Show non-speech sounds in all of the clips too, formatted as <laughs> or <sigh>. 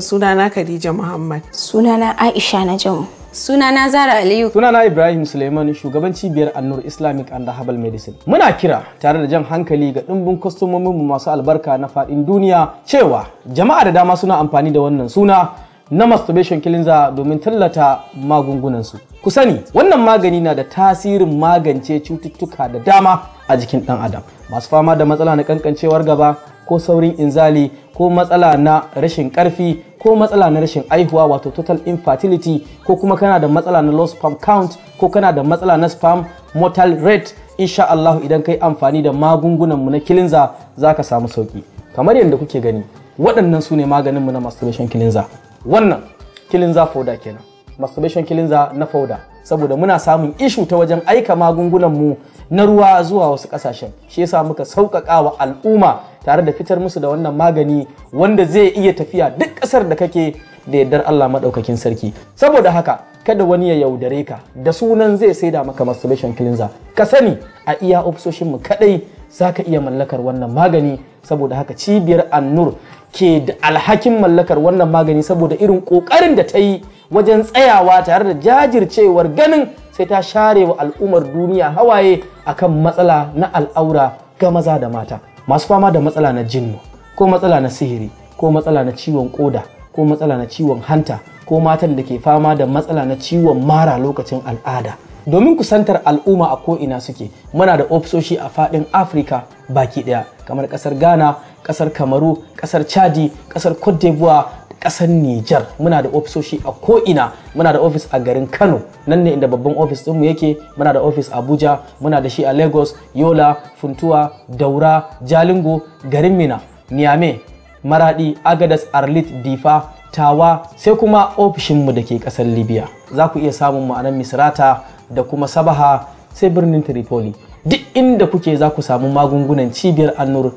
sunana Khadija Muhammad. Sunana Aisha Suna Sunana Zara Aliyu. Sunana Ibrahim Suleiman shugaban cibiyar Annur Islamic and Herbal Medicine. Muna kira tare da jan hankali ga dimbin kwastomomin mu masu albarka na faɗin duniya cewa jama'a da dama suna amfani da wannan suna na masturbation kilinza domin tallata magungunansu. Ku sani, wannan magani na da tasirin magance cututtuka da dama a jikin ɗan adam. Masu fama da matsala na kankancewar gaba, ko saurin inzali ko matsala na rashin karfi ko matsala na rashin aihuwa wato total infertility ko kuma kana da matsala na low sperm count ko kana da matsala na sperm mortal rate insha Allah idan kai amfani da magungunan mu na kilinza zaka samu sauki kamar yadda kuke gani waɗannan su ne maganin mu na masturbation kilinza wannan kilinza fauda kenan masturbation kilinza na fauda saboda muna samun ishu ta wajen aika magungunan mu na ruwa zuwa wasu ƙasashen shi yasa muka sauƙaƙa wa al'umma tare da fitar musu da wannan magani wanda zai iya tafiya duk ƙasar da kake da yardar Allah maɗaukakin sarki saboda haka kada wani ya yaudare ka da sunan zai saida maka masturbation cleanser ka sani a iya ofisoshin mu kadai zaka iya mallakar wannan magani saboda haka cibiyar annur ke da alhakin mallakar wannan magani saboda irin kokarin da ta yi wajen tsayawa tare da jajircewar ganin sai ta share wa al'ummar duniya hawaye akan matsala na al'aura ga maza da mata masu fama da matsala na jinnu ko matsala na sihiri ko matsala na ciwon koda ko matsala na ciwon hanta ko matan da ke fama da matsala na ciwon mara lokacin al'ada domin kusantar al'umma a ko'ina suke muna da ofisoshi a faɗin afirka baki ɗaya kamar ƙasar ghana ƙasar kamaru ƙasar chadi ƙasar cote d'ivoire kasar Nijar muna da ofisoshi a ko'ina muna da ofis a garin Kano nan ne inda babban ofis ɗinmu yake muna da ofis a Abuja muna da shi a Lagos Yola Funtuwa Daura Jalingo garin Mina Niamey Maradi Agadas Arlit Difa Tawa sai kuma ofishinmu da ke ƙasar Libya za ku iya samun ma'anar Misrata da kuma Sabaha sai birnin Tripoli duk inda kuke za ku samu magungunan cibiyar annur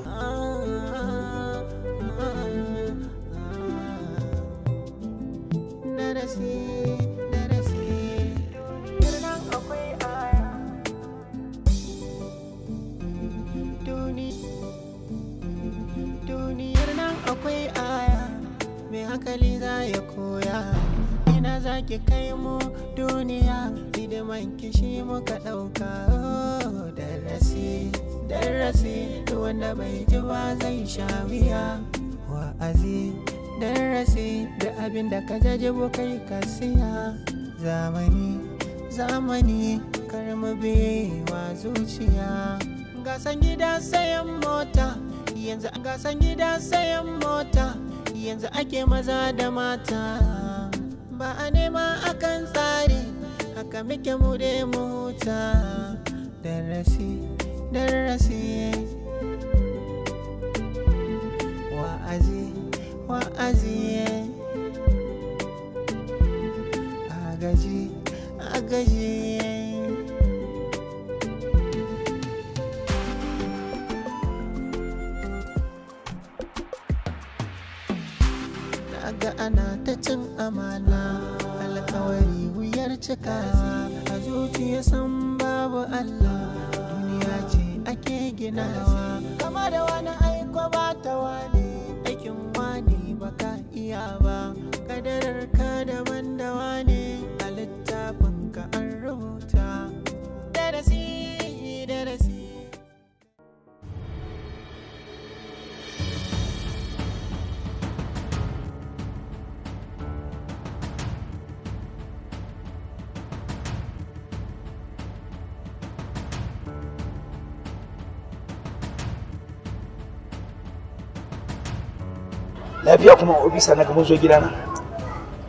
ga ana ta cin amana alkawari wuyar cika a zuciya san babu Allah duniya ce ake ginawa kama da wani aiko ba ta wani aikin wani baka iya ba kadarar ka da daban tafiya kuma a ofisa na ga mun zo gidana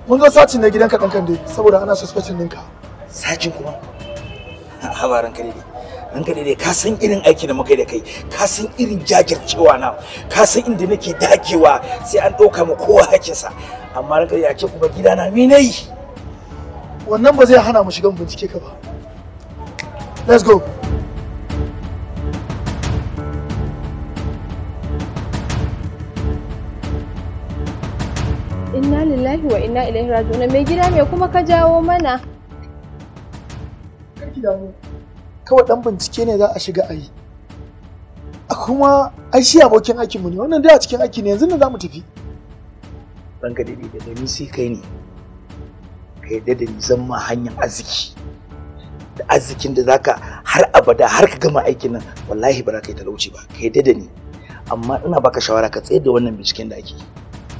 mun zo sacin na gidanka ɗan kan dai saboda ana suspecting ɗinka sacin kuma habaran kare ne an ka daidai ka san irin aiki da muka yi da kai ka san irin jajircewa na ka san inda nake dakewa sai an ɗauka mu kowa sa amma ranka ya ce kuma gidana me na yi wannan ba zai hana mu shigan bincike ka ba let's go lillahi wa inna ilaihi raji'un mai gida me kuma ka jawo mana karki mu kawai dan bincike ne za a shiga ai a kuma ai shi abokin aikinmu ne wannan dai a cikin aiki ne yanzu ne za mu tafi ka dade da ni sai kai ne kai yadda da ni zan ma hanyar arziki da arzikin da zaka har abada har ka gama aikin nan wallahi ba za ka yi talauci ba kai yadda da ni amma ina baka shawara ka tsaye da wannan binciken da ake yi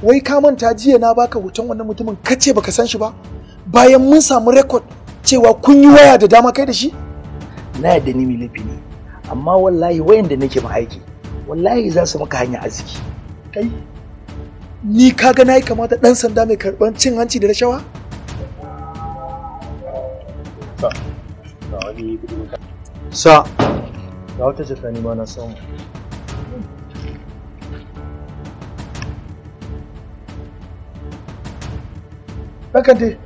wai ka manta jiya na baka hoton wannan mutumin kace baka san shi ba bayan mun samu rekod cewa kun yi waya da dama kai da shi na yadda ni laifi ne amma wallahi wayan da nake aiki wallahi za su maka hanya arziki kai ni kaga nayi kamata dan sanda mai karban cin hanci da rashawa sa ga wata jaka ma na samu Bakande,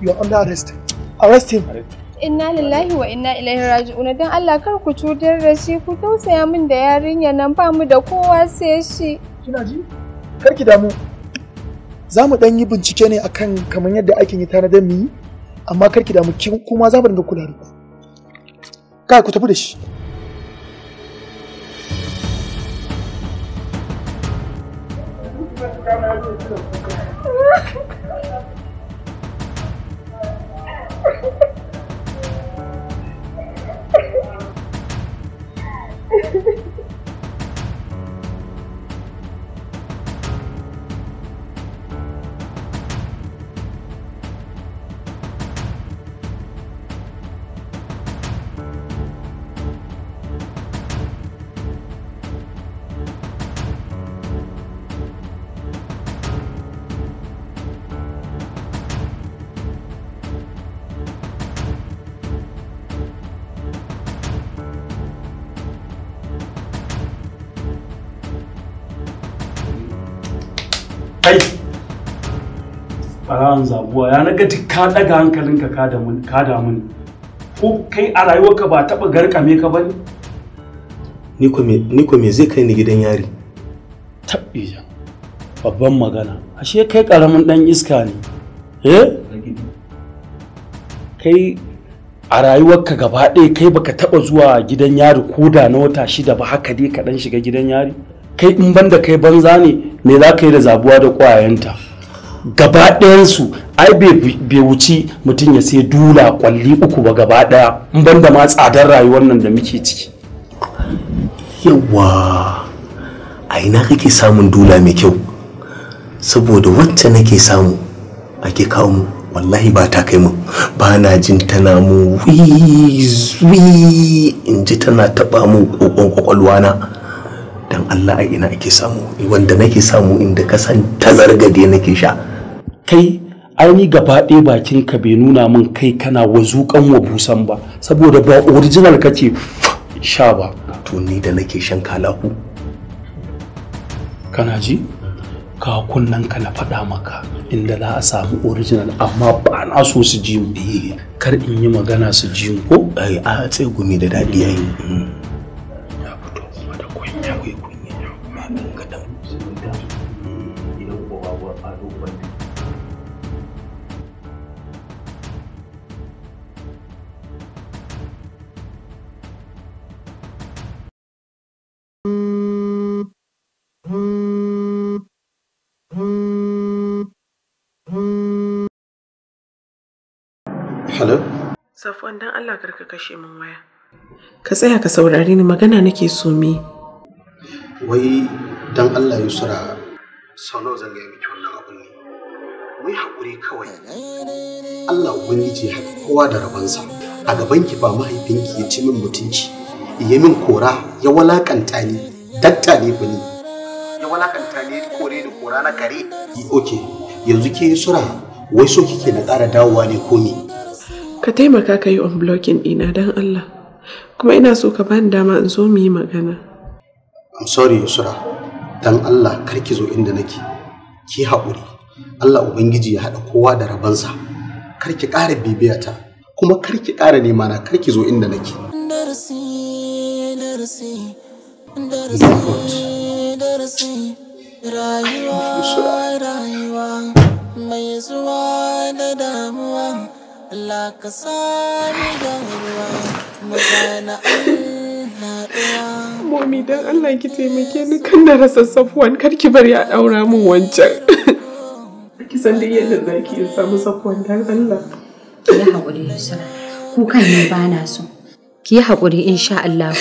you are under arrest. Arrest him. Inna lillahi wa inna ilaihi raji'un. Dan Allah kar ku cutar da shi, ku tausaya min da yarinya nan ba mu da kowa sai shi. Kina ji? Kar ki damu. Za mu dan yi bincike ne akan kamar yadda ake yi tare da mu yi, amma kar ki damu kuma za mu dinga kula da ku. Kai ku tafi da shi. <laughs> ɓarawan zabuwa ya naga duk ka ɗaga hankalinka ka damu ne ko kai a rayuwarka ba taɓa garkame ka ba ne? Ni ko me zai kai ni gidan yari? Taɓija, babban magana, ashe kai ƙaramin ɗan iska ne, eh? Kai a rayuwarka gaba ɗaya kai baka taɓa zuwa gidan yari ko da na wata shida ba haka dai ka ɗan shiga gidan yari? Kai in banda kai banza ne, me za ka yi da zabuwa da ƙwayenta? gaba ɗayansu ai bai wuci mutum ya sai dula kwalli uku ba gaba ɗaya in ban da ma tsadar rayuwar nan da muke ciki yawa a ina kake samun dula mai kyau saboda wacce nake samu ake kawo mu wallahi ba ta kai mu ba na jin tana mu wi in ji tana taɓa mu ƙoƙon kwakwalwa na dan Allah a ina ake samu wanda nake samu inda kasan san tazargade nake sha kai aini gaba ɗaya bakin ka bai nuna min kai kana wazukan wa busan ba saboda ba original kace sha ba to ni da nake shan kalaku kana ji ka kunnen ka na faɗa maka inda za a samu original amma ba na so su ji mu eh. kar in yi magana su ji ko a tsegumi da daɗi yayi mm. Safwan dan Allah karka kashe min waya. Ka tsaya ka saurare ni magana nake so mi. Wai dan Allah Yusra sau nawa zan ga miki wannan abun ne. Mu hakuri kawai. Allah Ubangiji ya kowa da rabansa. A ki ba mahaifinki ya ci min mutunci. Ya min kora ya walakanta ni. Dakta ne ku ni. ya walakanta ni kore da kora na kare. Ok, yanzu ke sura wai so kike na ƙara dawowa ne ko ni? ka taimaka ka yi unblocking ina don Allah kuma ina so ka bani dama in zo mu yi magana I'm sorry Yusra don Allah kar ki zo inda nake ki haƙuri Allah Ubangiji ya haɗa kowa da rabansa kar ki ƙara bibiyata kuma kar ki ƙara nema na kar zo inda nake Rayuwa, rayuwa, mai zuwa da damuwa. Allah ka dan Allah ki taimake ni kan na rasa safuwan kar ki bari a daura min wancan. <laughs> Ki san dai yadda zaki in samu safuwan dan Allah. Ki haƙuri Yusra. Ku kan ne ba na so. Ki haƙuri insha Allah.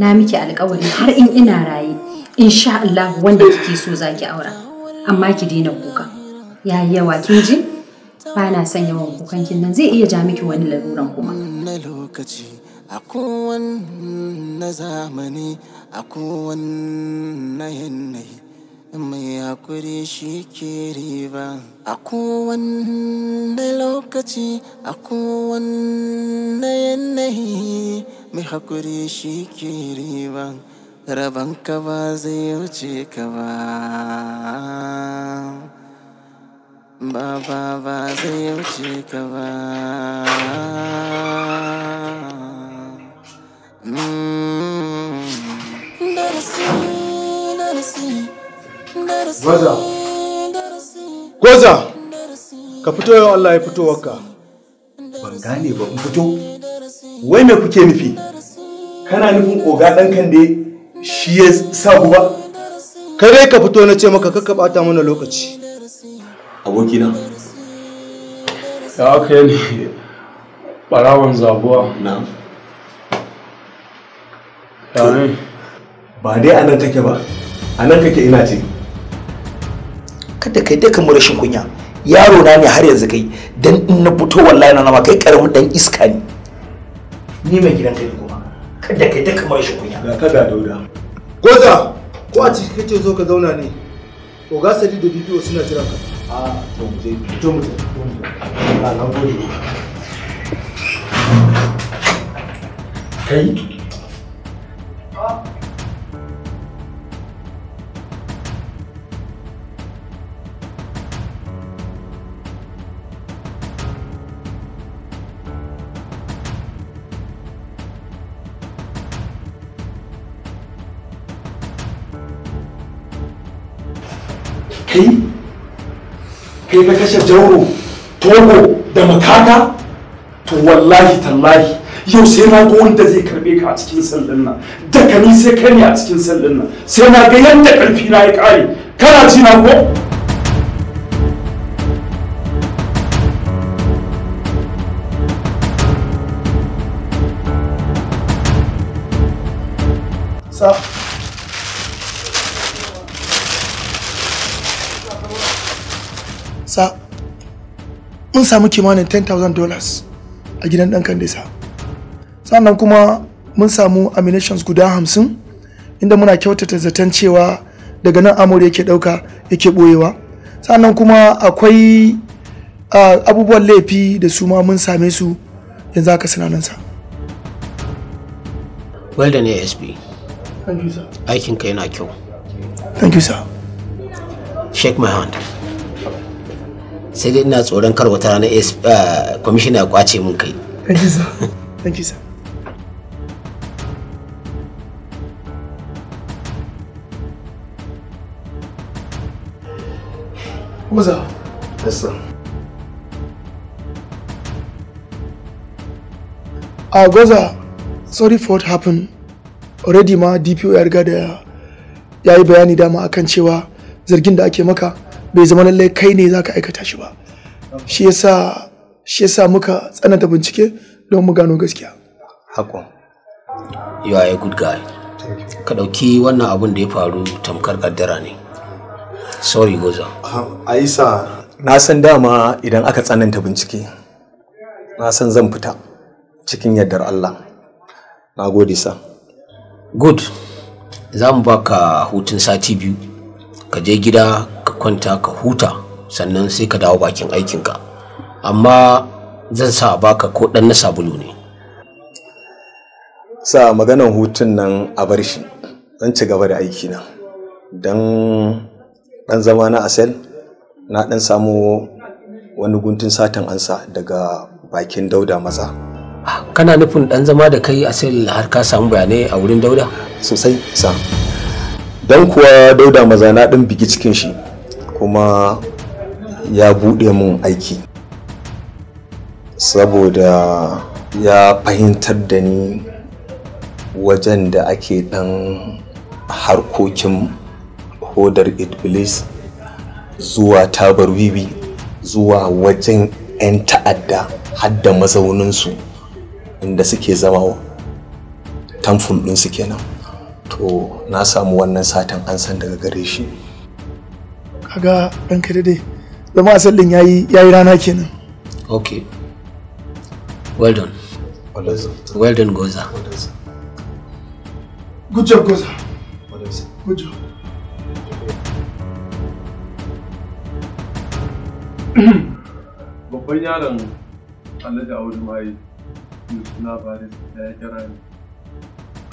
Na miki alƙawari har in ina raye. Insha Allah wanda kike so zaki aura. Amma ki daina kuka. Yayi yawa kin ji? bana sanya wa yawan kukankin nan zai iya ja miki wani laruran kuma na lokaci a na zamani a kowanne yanayi mai hakuri shi ke riba a kowanne lokaci a kowanne yanayi mai hakuri shi ke riba rabanka ba zai wuce ka ba Baba ba zai wuce ka ba. Mm. Gwaza, Gwaza, ka fito yau Allah ya fitowarka. Ban gane ba in fito. Wai me kuke nufi? Kana nufin oga ɗan kan da shi ya sa ba? Kai ka fito na ce maka kakka ɓata mana lokaci. abokina ya aka yi ne ɓarawan zabuwa na ba dai a nan take ba a nan kake ina ce kada kai dai kamar rashin kunya yaro na ne har yanzu kai dan in na fito wallahi na nama kai karamin dan iska ne ni mai gidan kai kuma kada kai dai kamar rashin kunya ga kada dauda goza ko a ciki kace zo ka zauna ne ga sadi da bidiyo suna jiran ka 아, 저 이제 6점을 잡고 나안 아, 보이고. 에이? 아. 에이? kai ka kashe jauro togo da makaka to wallahi tallahi yau sai na ga wanda zai karbe ka a cikin sallin nan daga ni sai kai ne a cikin sallin nan sai na ga yadda karfi na ya kare kana ji na ko mun samu kimanin 10,000 dollars a gidan ɗan kandisa sannan kuma mun samu ammunitions guda hamsin inda muna kyautata zaton cewa daga nan amur yake ɗauka yake ɓoyewa sannan kuma akwai abubuwan laifi da su ma mun same su yanzu aka sinanansa well done asp aikinka yana kyau thank you sir shake my sai dai ina tsoron kar wata rana eh, kwamishina ya kwace mun kai thank you sir thank you Yes, sir. Uh, Goza, sorry for what happened. Already ma DPO ya riga da ya yi bayani dama akan cewa zargin da ake maka bai zama lallai kai ne za ka aikata shi ba shi yasa shi yasa muka tsananta bincike don mu gano gaskiya hakon you are a good guy ka ɗauki wannan abun da ya faru tamkar kaddara ne sorry goza ah, aisa na san dama idan aka tsananta bincike na san zan fita cikin yardar allah na gode sa good za mu baka hutun sati biyu ka je gida kwanta ka huta sannan sai ka dawo bakin aikinka amma zan sa baka ko ɗan na sabulu ne sa maganan hutun nan a bar shi zan ci gaba da aiki na don ɗan zama na asel na ɗan samu wani guntun satan ansa daga bakin dauda maza kana nufin ɗan zama da kai asel har ka samu bayanai a wurin dauda sosai sa don kuwa dauda maza na ɗan bigi cikin shi kuma ya buɗe mun aiki saboda ya fahimtar da ni wajen da ake ɗan harkokin hodar iblis zuwa tabar wiwi zuwa wajen 'yan ta'adda hadda mazauninsu inda suke zama ɗin ɗinsu kenan to na samu wannan satin an san daga gare shi kaga ranka daidai zama sallin yayi yayi rana kenan okay well done well done, well done goza good job goza good job babban yaron alhaji audu suna baris ya kira ni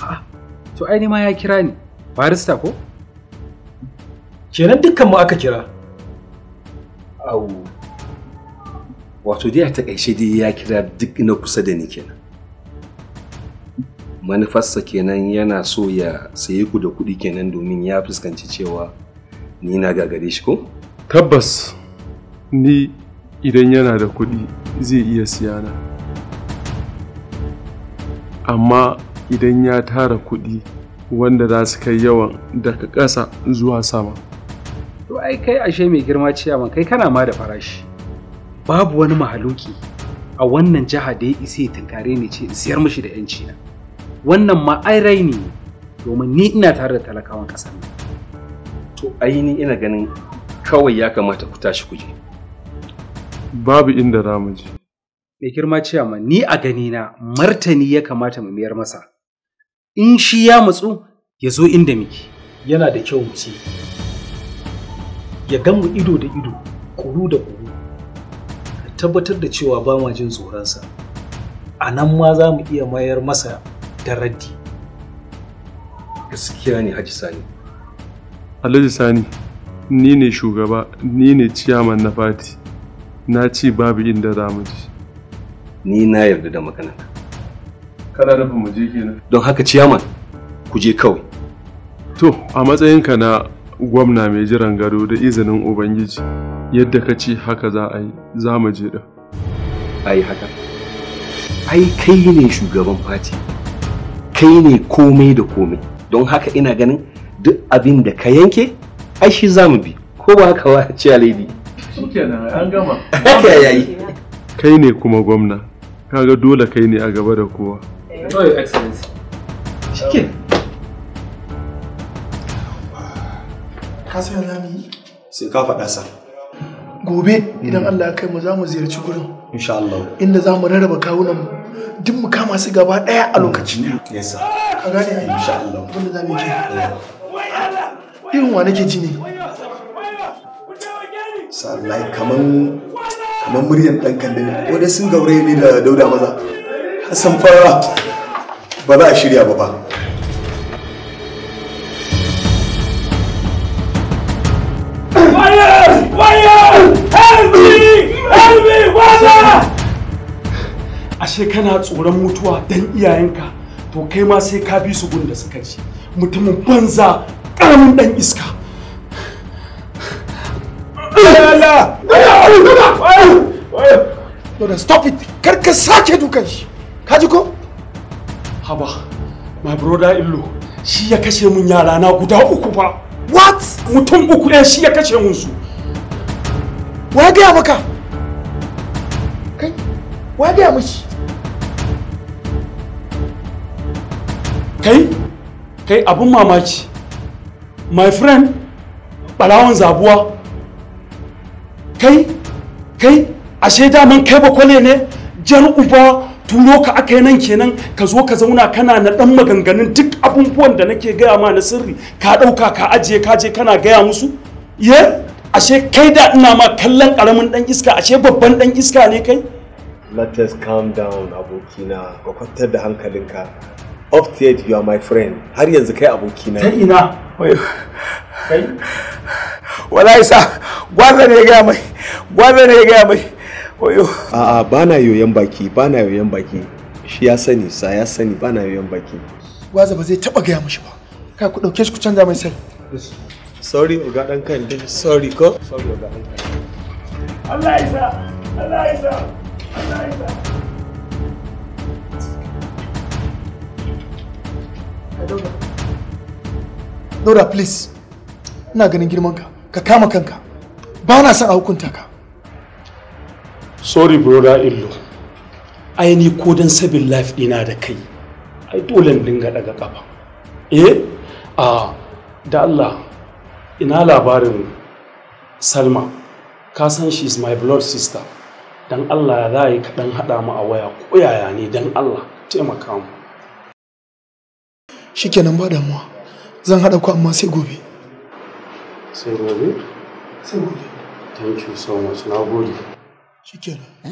ah, to ai ma ya kira ni barista ko kenan dukkan mu aka kira au wato dai a takaice dai ya kira duk na kusa da ni kenan manufarsa kenan yana so ya sayi ku da kuɗi kenan domin ya fuskanci cewa ni na gagare shi ko tabbas ni idan yana da kuɗi zai iya siyana amma idan ya tara kuɗi wanda za su kai yawan daga ƙasa zuwa sama to ai kai ashe mai girma ciyaman kai kana ma da farashi babu wani mahaluki a wannan jiha da ya isa ya tunkare ni ce siyar mishi da yanci na wannan ma ai raini ne domin ni ina tare da talakawan ƙasar nan to ai ni ina ganin kawai ya kamata ku tashi kuje babu inda za mu je mai girma ciyaman ni a gani na martani ya kamata mu miyar masa in shi ya matsu ya zo inda miki. yana da kyau mu ce ya gan mu ido da ido kuru da kuru, ka tabbatar da cewa ba ma jin tsoronsa a nan ma za mu iya mayar masa da raddi gaskiya ne haji sani alhaji sani ni ne shugaba ni ne ciyaman na fati na ci babu inda za mu ji ni na yarda da magana kana nufin mu je kenan don haka ciyaman ku je kawai to a matsayinka na gwamna mai jiran gado da izinin ubangiji yadda ka ce haka za a yi za mu je da ai haka ai kai ne shugaban fati kai ne komai da komai don haka ina ganin duk abin da ka yanke ai shi za mu bi ko ba haka wa ce lady an gama kai ne kuma gwamna kaga dole kai ne a gaba da kowa oh excellency Ka san za mu yi? Sai ka faɗa sa. Gobe idan Allah ya kai mu za mu ziyarci gurin. Insha Allah. Inda za mu rarraba kawunan mu. Duk mu kama su gaba ɗaya a lokacin. Yes sir. Ka gane ai. Insha Allah. Wanda za mu je. Irin wa nake ji ne? Sallai kaman kamar muryar dan kande ne wadda sun gauraye ne da dauda maza hassan fara ba za a shirya ba ba ashe kana tsoron mutuwa dan iyayenka to kai ma sai ka bi su gunda suka ci mutumin banza karamin dan iska stop it kar ka sake dukan shi ka ji ko haba my brother illo shi ya kashe mun yara na guda uku fa what mutum uku ɗaya shi ya kashe mun su wa gaya maka kai wa gaya mishi kai kai abin mamaki my friend balawan zabuwa kai kai ashe daman kai bakwale ne jan uba turo ka aka yi nan kenan ka zo ka zauna kana na dan maganganun duk abubuwan da nake gaya ma na sirri ka ɗauka ka ajiye ka je kana gaya musu ye ashe kai da ina ma kallon ƙaramin dan iska ashe babban dan iska ne kai let us calm down abokina ka kwantar da hankalinka up to you are my friend har yanzu kai aboki na ta ina kai wallahi sa gwaza ne ga mai gwaza ne ga mai oyo a'a bana yoyon baki bana yoyon baki shi ya sani sa ya sani bana yoyon baki gwaza ba zai taba gaya mishi ba kai ku dauke shi ku canza mai sai sorry uga dan kan din sorry ko sorry uga dan kan Allah ya sa Allah ya sa Allah ya sa Daura please. Ina ganin girmanka. Ka kama kanka. Ba na son a hukunta ka. Sorry brother Illo. Ai ni ko dan sabin life dina da kai. Ai dole in dinga daga kafa. Eh? Ah, da Allah. Ina labarin Salma. Ka san she is my blood sister. Dan Allah ya za yi kaɗan haɗa mu a waya ko yaya ne dan Allah taimaka mu. shikenan ba damuwa zan haɗa ku amma sai gobe sai gobe sai gobe thank you so much na gode shikenan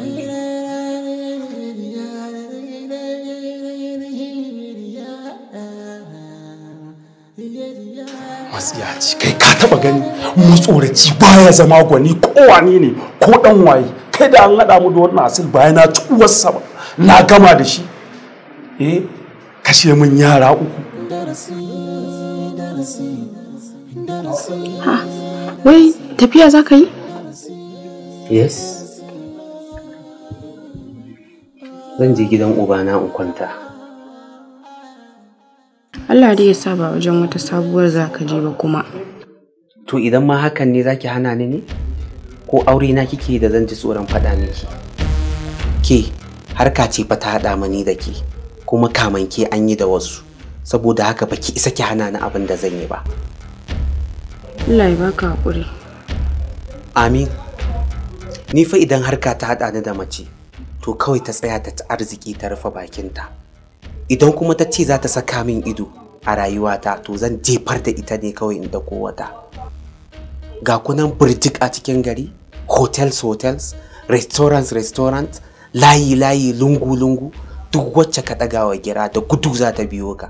matsiyaci kai ka taba gani mu tsoraci baya zama gwani ko kowane ne ko dan waye kai da an haɗa mu da wannan asil baya na ci uwarsa ba na gama da shi eh kashe min yara uku Ha, wai tafiya za ka yi? Yes. Zan je gidan ubana in kwanta. Allah dai ya saba wajen wata sabuwar za ka je ba kuma. To idan ma hakan ne za ki hana ni ne? Ko aure na kike da zan ji tsoron faɗa miki? Ke, harka ce fa ta haɗa mani da ke, kuma kamanke an yi da wasu. saboda haka baki isa ki hana ni abin da zan yi ba Allah ya baka hakuri amin ni fa idan harka ta hada ni da mace to kawai ta tsaya ta ci arziki ta rufe bakinta idan kuma ta ce za ta saka min ido a rayuwata to zan jefar da ita ne kawai in da kowata. ga kunan birjik a cikin gari hotels hotels restaurants restaurants layi layi lungu lungu duk wacce ka ɗaga wa gira da gudu za ta biyo ka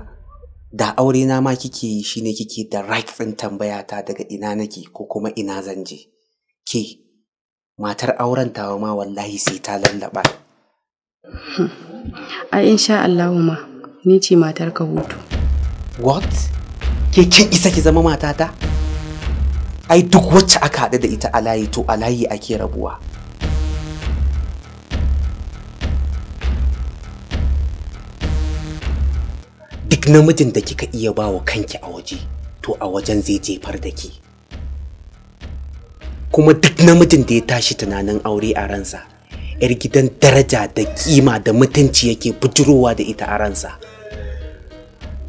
da aure na ma kike yi shine kike da right ɗin tambaya ta daga ina nake ko kuma ina zan je ke matar auren tawa ma wallahi sai ta lallaba a insha Allahu ma ni ce matar ka hutu what ke kin isa ki zama matata ai duk wacce aka haɗu da ita alayi to alayi ake rabuwa duk namijin da kika iya ba wa kanki a waje to a wajen zai jefar da ki kuma duk namijin da ya tashi tunanin aure a ransa yar gidan daraja da kima da mutunci yake bujurowa da ita a ransa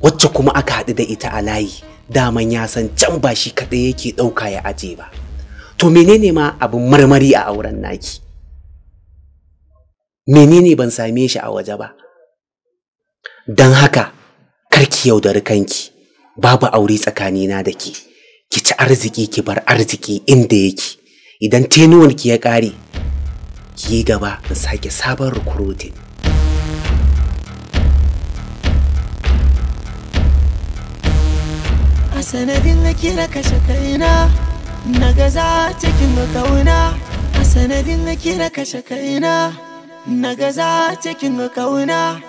wacce kuma aka haɗu da ita a layi daman ya san can ba shi kaɗai yake ɗauka ya aje ba to menene ma abin marmari a auren naki menene ban same shi a waje ba don haka karki yaudari kanki babu aure tsakanina da ki, ki ci arziki ki bar arziki inda yake idan tenuwan ki ya ƙare ki yi gaba in sake sabon recruiting a sanadin kira kashe kaina na gaza cikin kauna a sanadin kira kashe kaina na gaza cikin kauna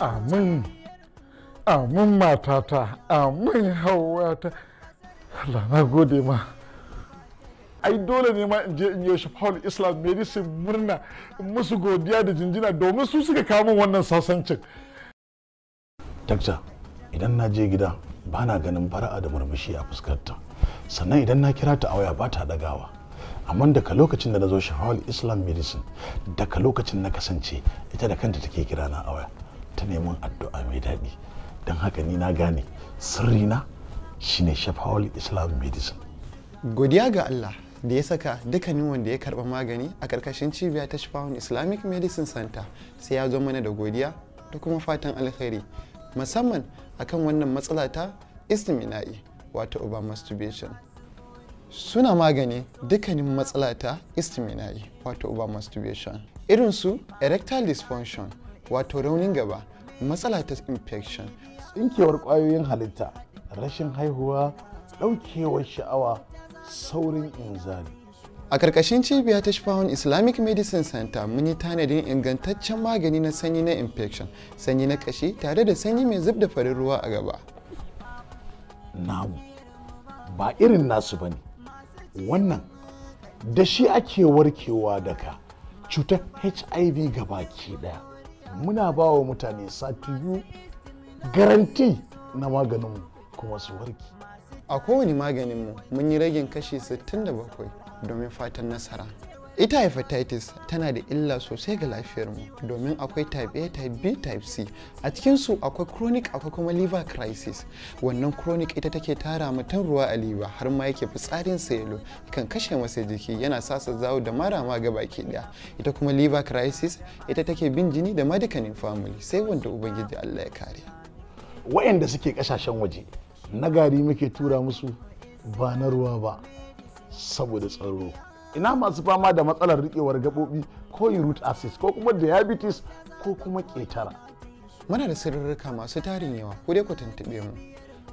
amin amin matata amin hawata Allah na gode ma ai dole ne ma in je in yi shafawar islam medicine murna musu godiya da jinjina domin su suka kawo wannan sasancin dakta idan na je gida ba na ganin fara'a da murmushi a fuskarta sannan idan na kira ta a waya ba ta dagawa amma daga lokacin da na zo shafawar islam medicine daga lokacin na kasance ita da kanta take kirana a waya ta neman addu'a mai daɗi don haka ni na gane sirrina shine shafawar islam medicine godiya ga allah da ya saka dukkanin wanda ya karɓa magani a karkashin cibiya ta shafawar islamic medicine center sai ya zo mana da godiya da kuma fatan alkhairi musamman akan wannan matsala ta istimina'i wato over masturbation suna magani dukkanin matsala ta istimina'i wato over masturbation irinsu erectile dysfunction wato raunin gaba matsala ta infection tsinkewar kwayoyin halitta rashin haihuwa daukewar sha'awa saurin inzali a karkashin cibiya ta shifahun islamic medicine center mun yi tanadin ingantaccen magani na sanyi na infection sanyi na kashi tare da sanyi mai zub da farin ruwa a gaba namu ba irin nasu ba ne. wannan da shi ake warkewa daga cutar hiv gaba ke daya muna ba wa mutane sati biyu garanti na maganinmu kuma su warki a kowane maganinmu mun yi ragin kashi 67 domin fatan nasara ita hepatitis tana da illa sosai ga lafiyarmu domin akwai type a type b type c a cikinsu akwai chronic akwai kuma liver crisis wannan chronic ita take tara mutum ruwa a liver har ma yake fitsarin sa yalo kan kashe masa jiki yana sasa zawo da marama ga baki daya ita kuma liver crisis ita take bin jini da madikanin family sai wanda ubangiji Allah ya kare waɗanda suke kasashen waje na gari muke tura musu ba na ruwa ba saboda tsaro ina masu fama da matsalar riƙewar gaɓoɓi ko root acid ko kuma diabetes ko kuma ƙetara muna da sirrika masu tarin yawa ko dai ku tuntuɓe mu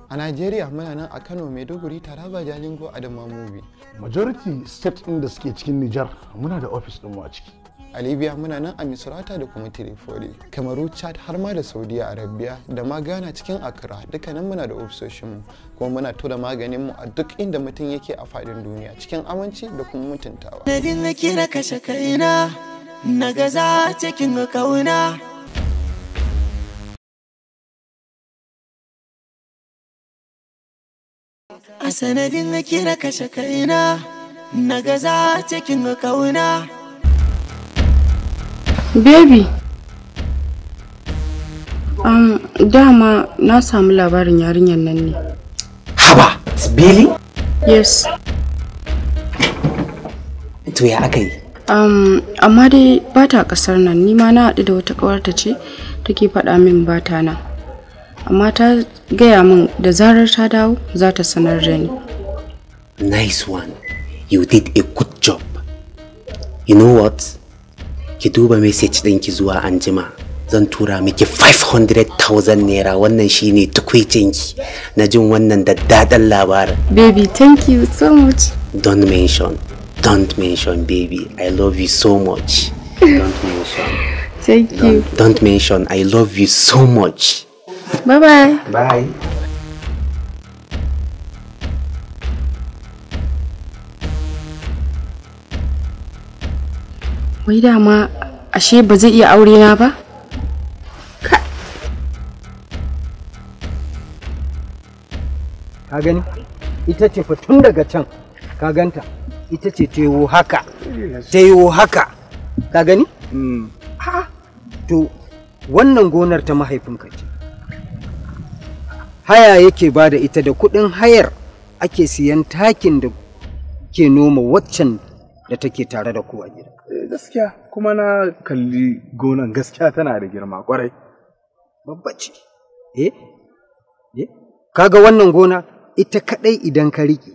a najeriya muna nan a kano maiduguri taraba jalingo adamawa mubi majority state ɗin da suke cikin nijar muna da ofis ɗinmu a ciki a libya muna nan a misrata da kuma tripoli kamaru chad har ma da saudi arabia da ma ghana cikin accra dukkanin muna da ofisoshinmu kuma muna tura maganin mu a duk inda mutum yake a faɗin duniya cikin aminci da kuma mutuntawa na a sanadin kira kashe kaina na gaza cikin kauna Baby. Um, dama na samu labarin yarinyar nan ne. Haba, Billy? Yes. To ya aka yi? Um, amma dai ba ta kasar nan, ni ma na haɗu da wata ƙawarta ce take faɗa min ba ta nan. Amma ta gaya min da zarar ta dawo za ta sanar da ni. Nice one. You did a good job. You know what? ki duba message ki zuwa anjima zan tura miki 500,000 naira wannan shine tukwicinki na jin wannan daddadan labarin baby thank you so much don't mention don't mention baby i love you so much don't mention thank don't, don't mention i love you so much bye bye bye akwai dama ashe ba zai iya aure na ba? Ka gani? Ita ce fa tun daga can ka ganta ita ce tewo haka tewo haka ka gani? Ha hmm. to wannan gonar ta mahaifinka ce. Haya yake ba da ita da kudin hayar ake siyan takin da ke noma waccan da take tare da ku gida. Eh, gaskiya kuma na kalli gonan gaskiya tana da girma kwarai babba ce eh eh kaga wannan gona ita kadai idan ka rike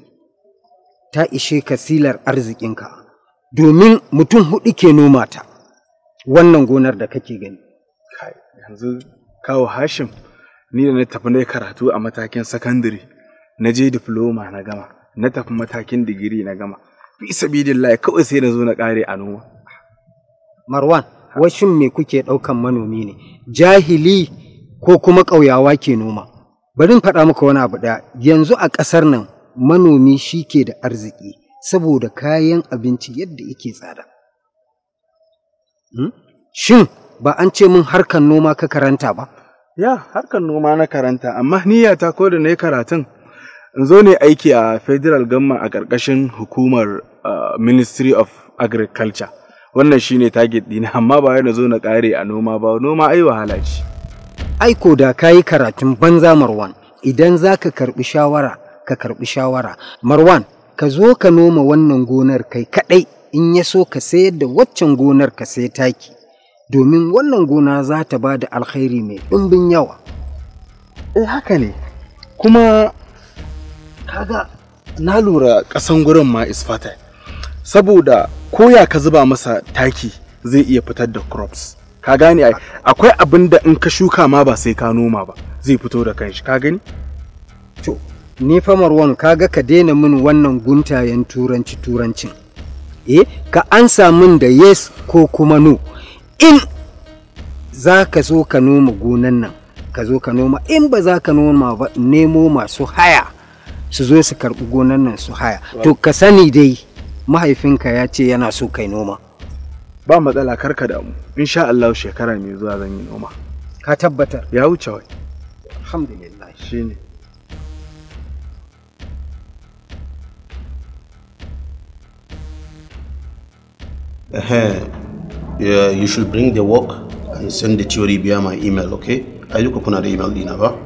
ta ishe kasilar silar arzikinka domin mutum hudu ke noma ta wannan gonar da kake gani yanzu kawo hashim ni da na tafi na karatu a matakin sakandare na je diploma na gama na tafi matakin digiri na gama fi sabidillah kawai sai na zo na kare a noma marwan washin me kuke daukan manomi ne jahili ko kuma ƙauyawa ke noma bari in faɗa maka wani abu ɗaya yanzu a ƙasar nan manomi shi ke da arziki saboda kayan abinci yadda yake tsada hmm? shin ba an ce min harkan noma ka karanta ba ya harkan noma na karanta amma niyyata ko da na yi karatun zo ne aiki a federal government a ƙarƙashin hukumar uh, ministry of agriculture wannan shine target dina <laughs> amma ba yana zo na ƙare a noma ba noma ai wahala ce aiko da kayi karatun banza marwan idan za ka karɓi shawara ka karɓi shawara marwan ka zo ka noma wannan gonar kai kaɗai in ya so ka sayar da waccan gonar ka sai taki domin wannan gona za ta ba da alkhairi mai ɗumbin yawa eh haka ne kuma kaga na lura kasan gurin ma is fertile saboda koya ka zuba masa taki zai iya fitar da crops ka gane akwai abinda in ka shuka ma ba sai ka noma ba zai fito da kanshi ka gani to ni fa Marwan kaga ka daina min wannan guntayen turanci turancin eh ka ansa min da yes ko kuma no in za ka zo ka noma gonan nan ka zo ka noma in ba za ka noma ba nemo masu haya su zo su karɓi gonan nan su haya to ka sani dai mahaifinka ya ce yana so kai noma ba matsala karka damu insha Allah shekara mai zuwa zan yi noma ka tabbatar ya wuce wai alhamdulillah shine Uh -huh. yeah, you should bring the work and send the theory via my email, okay? Ayyuka kuna da email dina ba? Uh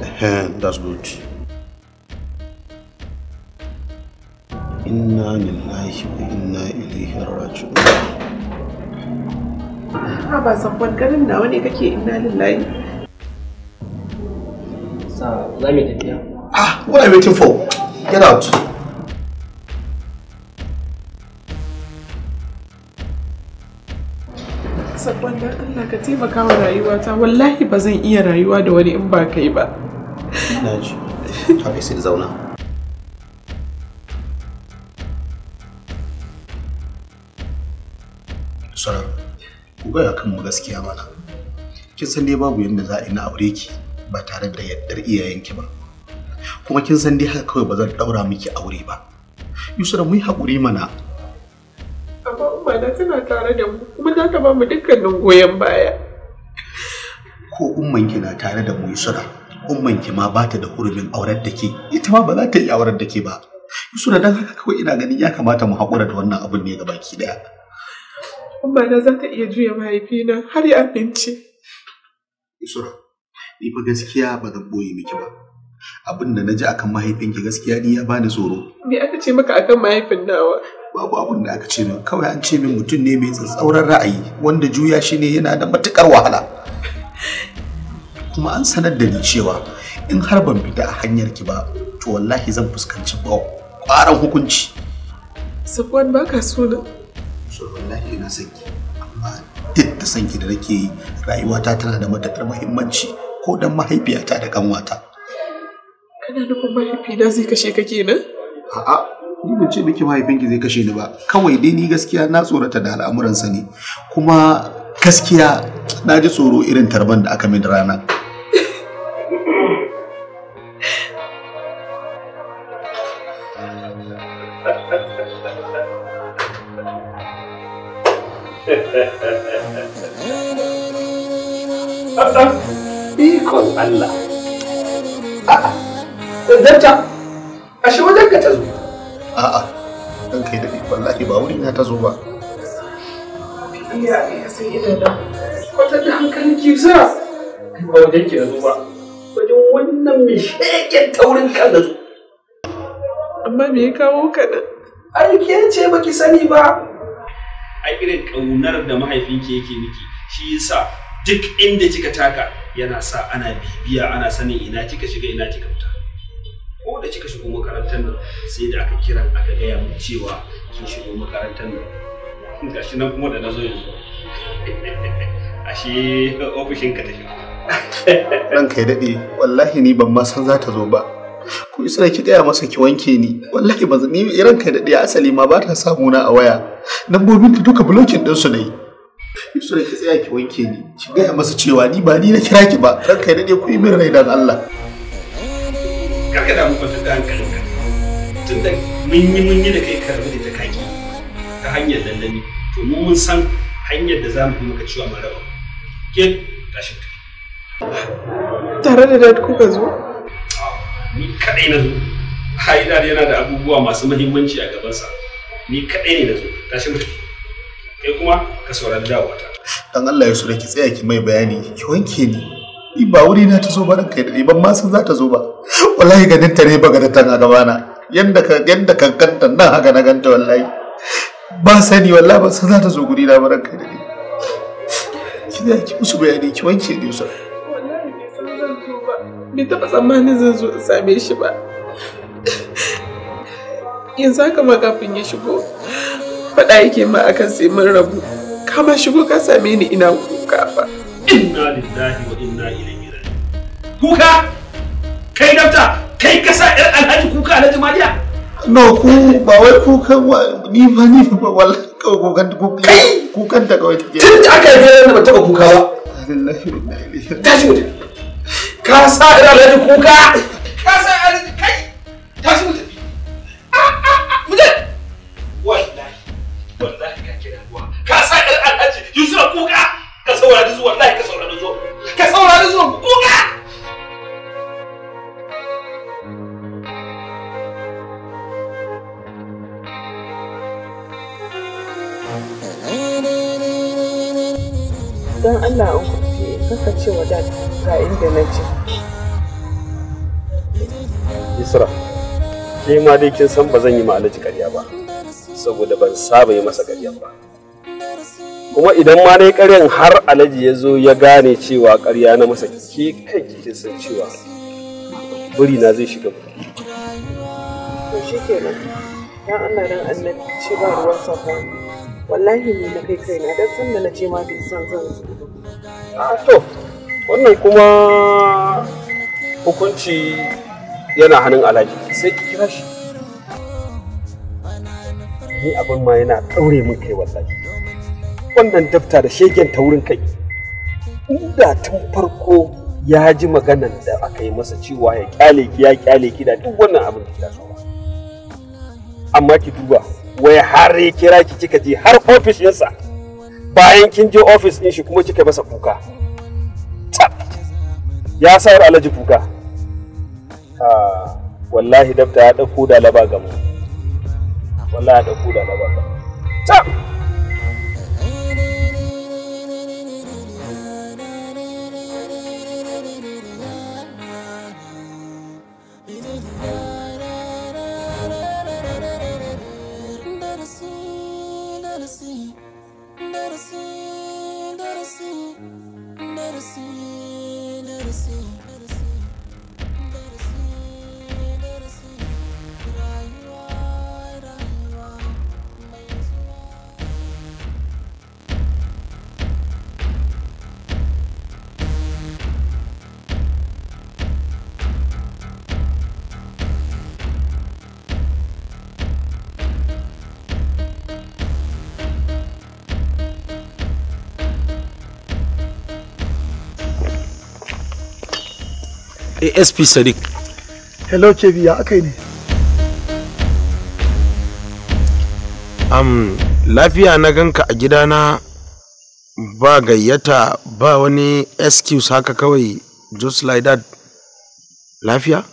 -huh. That's good. inna lillahi wa inna ilaihi raji'un ha ba sabon garin nawa ne kake inna lillahi sa za mu tafiya ah what are you waiting for get out sabon dan Allah ka taimaka wa rayuwata wallahi ba zan iya rayuwa da wani in ba kai ba na ji ka sai zauna So, ku gaya kanmu gaskiya mana. Kin san dai babu yadda za a yi na aure ki ba tare da yaddar iyayenki ba. Kuma kin san dai haka kawai ba zan daura miki aure ba. Yusra mu yi haƙuri mana. Amma umma tana tare da mu kuma za ta ba mu dukkanin goyon baya. Ko ummanki na tare da mu Yusra, ki ma ba ta da hurumin aurar da ke, ita ma ba za ta yi aurar da ke ba. Yusra dan haka kawai ina ganin ya kamata mu haƙura da wannan abun ne ki daya. amma na za ta iya juya mahaifina har ya abinci. Isura, ni fa gaskiya ba zan boye miki ba. Abin da na ji akan mahaifinki gaskiya ni ya bani tsoro. Me aka ce maka akan mahaifin nawa? Babu abin da aka ce min kawai an ce min mutum ne mai tsatsauran ra'ayi wanda juya shi ne yana da matukar wahala. Kuma an sanar da ni cewa in har ban fita a hanyar ki ba to wallahi zan fuskanci ƙwarar ƙwaran hukunci. Sabuwan baka so na. so wallahi ina son ki amma duk da son ki da nake yi rayuwata tana da matakar muhimmanci ko dan mahaifiyata da kanwata kana nufin mahaifina zai kashe ka kenan a'a ni ban ce miki mahaifinki zai kashe ni ba kawai dai ni gaskiya na tsorata da al'amuransa ne kuma gaskiya na ji tsoro irin tarban da aka min rana kaɗan ikon Allah a'a zanta ashe wajen ka ta zo a'a dan kai da wallahi ba wuri na ta zo ba iya iya sai ina da wata da hankalin ki sa ba wajen ki zo ba wajen wannan mai shegen taurin kan da amma me ya kawo ka da ai ke ce baki sani ba a irin ƙaunar da mahaifinki yake miki shi yasa duk inda kika taka yana sa ana bibiya ana sanin ina kika shiga ina kika fita ko da kika shigo makarantar nan sai da aka kira aka gaya mu cewa kin shigo makarantar nan <laughs> gashi nan kuma da nazo yanzu <laughs> ashe ofishin ka ta shigo <laughs> ranka kai daɗe wallahi ni ban ma san za ta zo ba ku isra ki gaya masa ki wanke ni wallahi ban ni ran kai dade asali ma ba ta samu na a waya nambobin ta duka blocking ɗinsu su ne so da ki tsaya ki wanke ni ki gaya masa cewa ni ba ni na kira ki ba ranka ya dade ku yi min rai dan Allah kaka da mu kwanta da hankalinka tun tunda mun yi mun yi da kai karbi da takaki ta hanyar dandami to mu mun san hanyar da za mu yi maka cewa mu raba ke tashi tare da dad kuka zo ni kadai na zo haidar yana da abubuwa masu muhimmanci a gabansa ni kadai ne na zo tashi mu tafi kai kuma ka saurari dawata dan Allah ya so ki tsaya ki mai bayani ki wanke ni ni ba wuri na ta zo ba kai da ban ma san za ta zo ba wallahi ganin ta ne ba ga tan a gaba na yanda ka yanda kanta nan haka na ganta wallahi ba sani wallahi ba san za ta zo guri na ba kai da ni ki tsaya ki musu bayani ki wanke ni so bai taɓa tsammanin zan zo in same shi ba yanzu haka ma kafin ya shigo faɗa yake ma a kan sai mun rabu kama shigo ka same ni ina kuka ba. inna lillahi wa inna ilaihi raji'un kuka kai dafta kai ka sa yar alhaji kuka alhaji mariya no ku ba wai kukan ni ba ni ba wallahi kawai kukan kuka kukan ta kawai take tun da aka yi fere ba taba kuka ba tashi mutum ka sa ɗan alhaji kuka ka sa alhaji kai tashi mutum saurari zuwa ka saurari zuwa ka saurari zuwa ku kuka don Allah an kuɗi kaka ce wa dad ga inda na ce. Isra, ke ma dai kin san ba zan yi ma Alhaji ƙarya ba, saboda ban saba yi masa ƙarya ba. kuma idan ma dai ƙaryan har alhaji ya zo ya gane cewa ƙarya na masa ke kai kike san cewa buri na zai shiga buri to shi kenan dan Allah dan annabi ce ba ruwan safa wallahi ni na kai kaina dan san da na ce ma bai san zan zo a ah, to wannan kuma hukunci yana hannun alhaji sai ki kira shi ni abin ma yana ɗaure min kai wallahi wannan dafta da shegen wurin kai inda tun farko ya ji maganan da aka yi masa cewa ya kyale ki ya kyale ki da duk wannan abin da ya so amma ki duba wai har ya kira ki kika je har ofis ɗinsa bayan kin je ofis ɗin shi kuma kika masa kuka ya sayar alaji kuka wallahi dafta ya dauko da laba gamu wallahi ya ɗauko da laba gamu asp sadiq hello kebi ya aka yi ne am lafiya na ganka a gidana ba gayyata ba wani excuse haka kawai just like that lafiya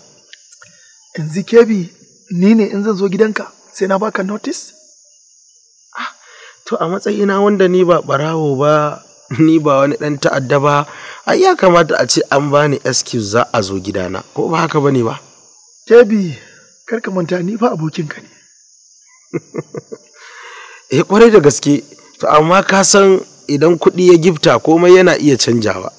yanzu kebi ni ne in zan zo gidanka sai na baka notice ah, to a matsayina wanda ni ba barawo ba <laughs> ni ba wani ɗan ta'adda ba ai ya kamata a ce an bani excuse za a zo gidana ko ba haka bane ba tebi kar ka manta ni fa abokinka ne <laughs> eh kwarai da gaske to amma ka san idan kuɗi ya gifta komai yana iya canjawa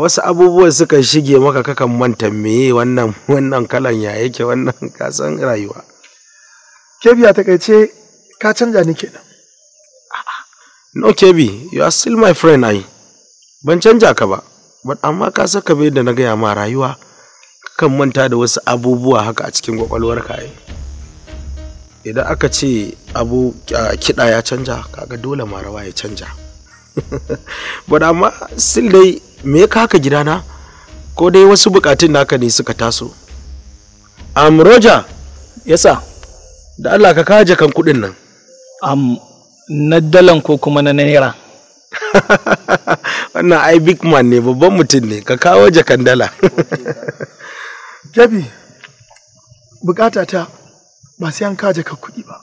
wasu abubuwan suka shige maka kakan manta me wannan <laughs> wannan kalan ya yake wannan kasan rayuwa kebiya takaice ka canja ni kenan No kebi you are still my friend ai. Ban canja ka ba, but amma ka saka bai da na gaya ma rayuwa. Kan manta da wasu abubuwa haka a cikin kwakwalwarka ai. Idan aka ce abu kiɗa ya canja, kaga dole ma rawa ya canja. <laughs> but amma still dai me ka haka gidana? Ko dai wasu bukatun naka ne suka taso. Am Roger, yasa da Allah ka kaje kan kudin nan. Am na dalan ko kuma na naira <laughs> wannan ai big man ne babban mutum ne ka kawo jakan dala <laughs> jabi bukata ta ba sai an ka jaka kuɗi ba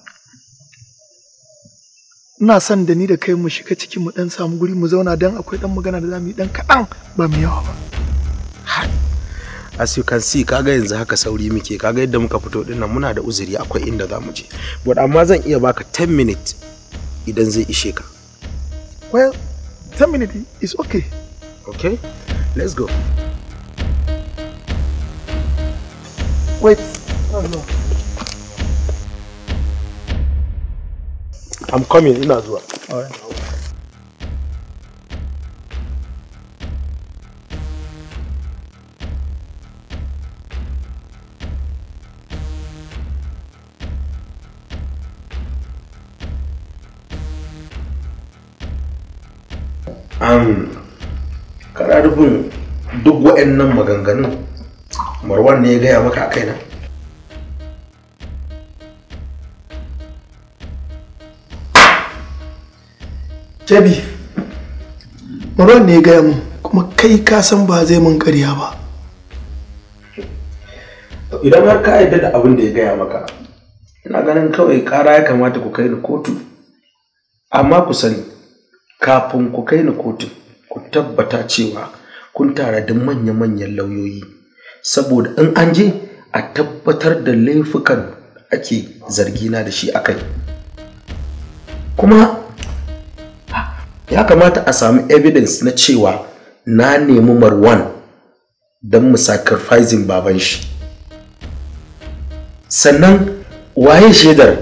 ina son da ni da kai mu shiga ciki mu dan samu guri mu zauna dan akwai dan magana da zamu yi dan kaɗan ba mu yawa ba as you can see kaga yanzu haka sauri muke kaga yadda muka fito dinnan muna da uzuri akwai inda zamu je but amma zan iya baka 10 minutes idan zai ishe ka well 10 minutes is okay okay let's go wait oh no i'm coming ina zuwa all right kana nufin duk waɗannan maganganun marwan ne ya gaya maka a kaina jabi marwan ne ya gaya mun kuma kai ka san ba zai mun ƙarya ba idan har ka yarda da abin da ya gaya maka ina ganin kawai ƙara ya kamata ku kai ni kotu amma ku sani kafin ku kai ni kotun ku tabbata cewa kun tara da manya-manyan lauyoyi saboda in an je a tabbatar da laifukan ake zargina da shi akai kuma ya kamata a sami evidence na cewa na nemi marwan don mu sacrificing baban shi sannan waye shaidar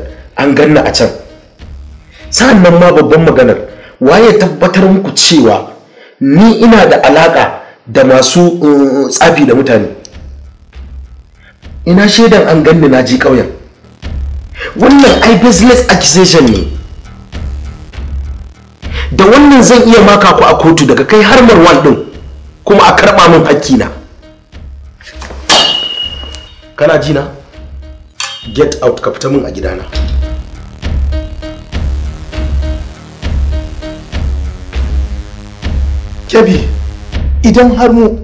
an ganna a can Sannan ma babban maganar waye tabbatar muku cewa ni ina da alaƙa da masu eh, tsafi da mutane ina shaidan an ganni na ji ƙauyen wannan ai business accusation ne da wannan zan iya maka ku a kotu daga kai har marwan ɗin kuma a karɓa min hakkina kana jina get out ka fita min a gidana Kyabi, idan har mu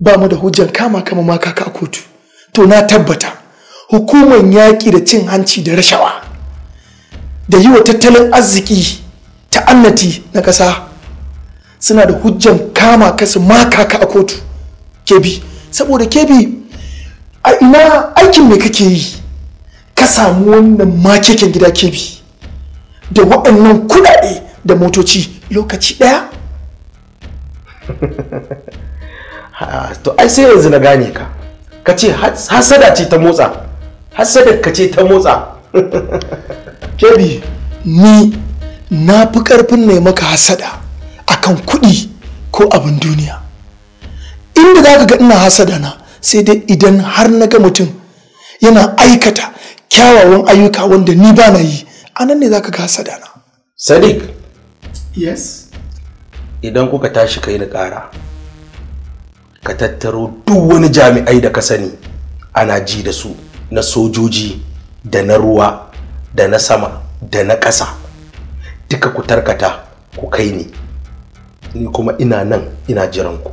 ba mu da hujjan kama kama ma kaka a kotu, to na tabbata hukumar yaƙi da cin hanci da rashawa da yi wa tattalin arziki ta annati na ƙasa suna da hujjan kama kasu ma kaka a kotu. Kebi, saboda kebi a ina aikin me kake yi ka samu wannan makeken gida kebi da waɗannan kuɗaɗe da motoci lokaci ɗaya. <laughs> to ai sai yanzu na gane ka ka ce hasada ce ta motsa hasada ka ce ta motsa <laughs> kebi ni na fi karfin ne maka hasada akan kuɗi ko abin duniya inda za ka ga ina hasada na sai dai idan har na ga mutum yana aikata kyawawan ayyuka wanda ni ba na yi anan ne za ka ga hasada na sadiq yes idan kuka tashi kai ni ƙara ka tattaro duk wani jami'ai da ka sani ana ji da su na sojoji da na ruwa da na sama da na ƙasa duka ku tarkata ku kai ni ni kuma ina nan ina jiranku.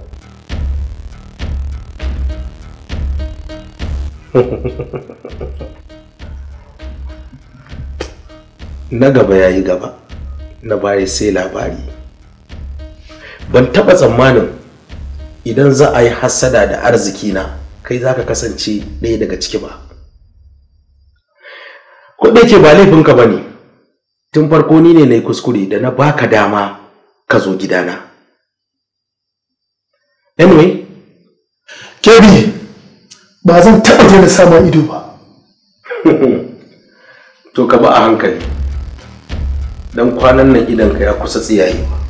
<laughs> na gaba ya yi gaba na baya sai labari ban taɓa tsammanin idan za a yi hassada da arziki na kai za ka kasance ɗaya daga ciki ba ko da yake ba laifinka ba ne tun farko ni ne na yi kuskure da na baka dama ka zo gidana anyway kebi ba zan taɓa daina sama ido ba <laughs> to ka ba a hankali Dan kwanan nan idanka ya kusa tsiyayewa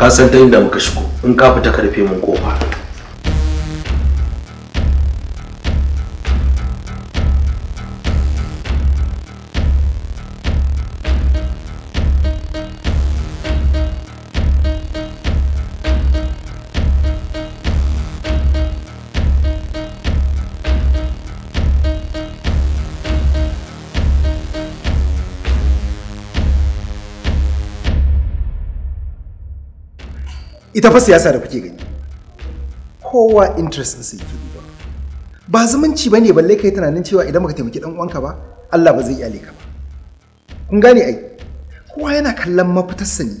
ka san ta inda muka shigo in ka fita karfe mun kofa ita fa siyasa da kuke gani kowa interest ɗinsa yake duba ba zumunci ba ne balle kai tunanin cewa idan baka taimaki dan uwanka ba Allah ba zai iya leka ba kun gane ai kowa yana kallon sa ne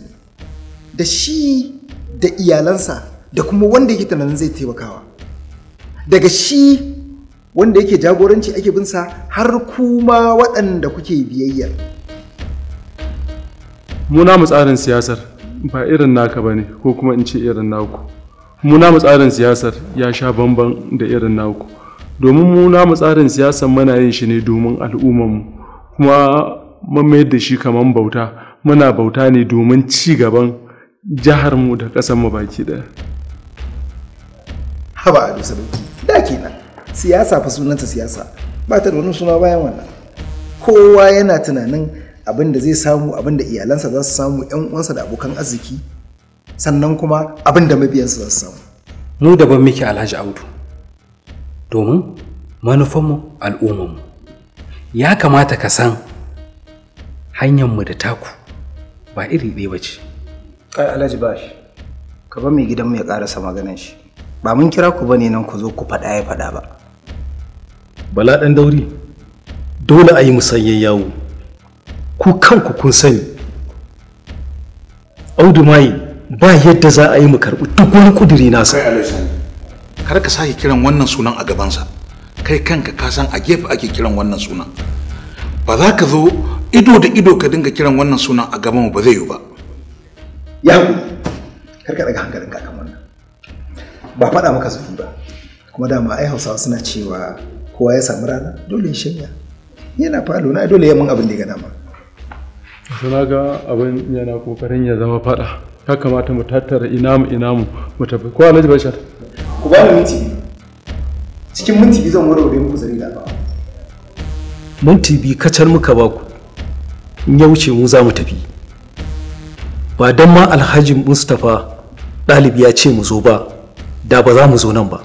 da shi da iyalansa da kuma wanda yake tunanin zai taimakawa daga shi wanda yake jagoranci ake bin sa har kuma waɗanda kuke biyayya mu namu tsarin siyasar ba irin naka ba ne ko kuma in ce irin naku mu namu tsarin siyasar ya sha bamban da irin naku domin mu namu tsarin siyasar muna yin shi ne domin al'ummarmu kuma mun mayar da shi kamar bauta muna bauta ne domin ci gaban jiharmu da ƙasarmu baki ɗaya haba a bisa dauki da kenan siyasa fa sunanta siyasa ba ta da wani suna bayan wannan kowa yana tunanin abin da zai samu abin da iyalansa za su samu yan uwansa da abokan arziki sannan kuma abin da mabiyansa za su samu mu daban muke alhaji audu domin manufanmu mu ya kamata ka san hanyarmu da taku ba iri ɗaya ba ce kai alhaji bashi ka ba mai gidanmu ya ƙarasa maganin shi ba mun kira ku bane nan ku zo ku faɗa ya faɗa ba bala ɗan dauri dole a yi musayyen yawo ku kanku kun sani audu mai ba yadda za a yi mu karɓi duk wani ƙuduri nasa kar ka sake kiran wannan sunan a gabansa kai kanka ka san a gefe ake kiran wannan sunan ba za ka zo ido da ido ka dinga kiran wannan sunan a gaban ba zai yiwu ba ya kar ka daga hankalinka kan wannan ba faɗa maka zafi ba kuma dama ai hausawa suna cewa kowa ya samu rana dole ya shanya yana falo na dole ya mun abin da ya gana dama na ga abin yana kokarin ya zama fada ya kamata mu tattara inamu inamu mu tafi ko alhaji bashar ku ba ni minti cikin minti biyu zan warware muku zari da ba minti biyu kacar muka ba ku in ya wuce mu za mu tafi ba dan ma alhaji mustapha ɗalibi ya ce mu zo ba da ba za mu zo nan ba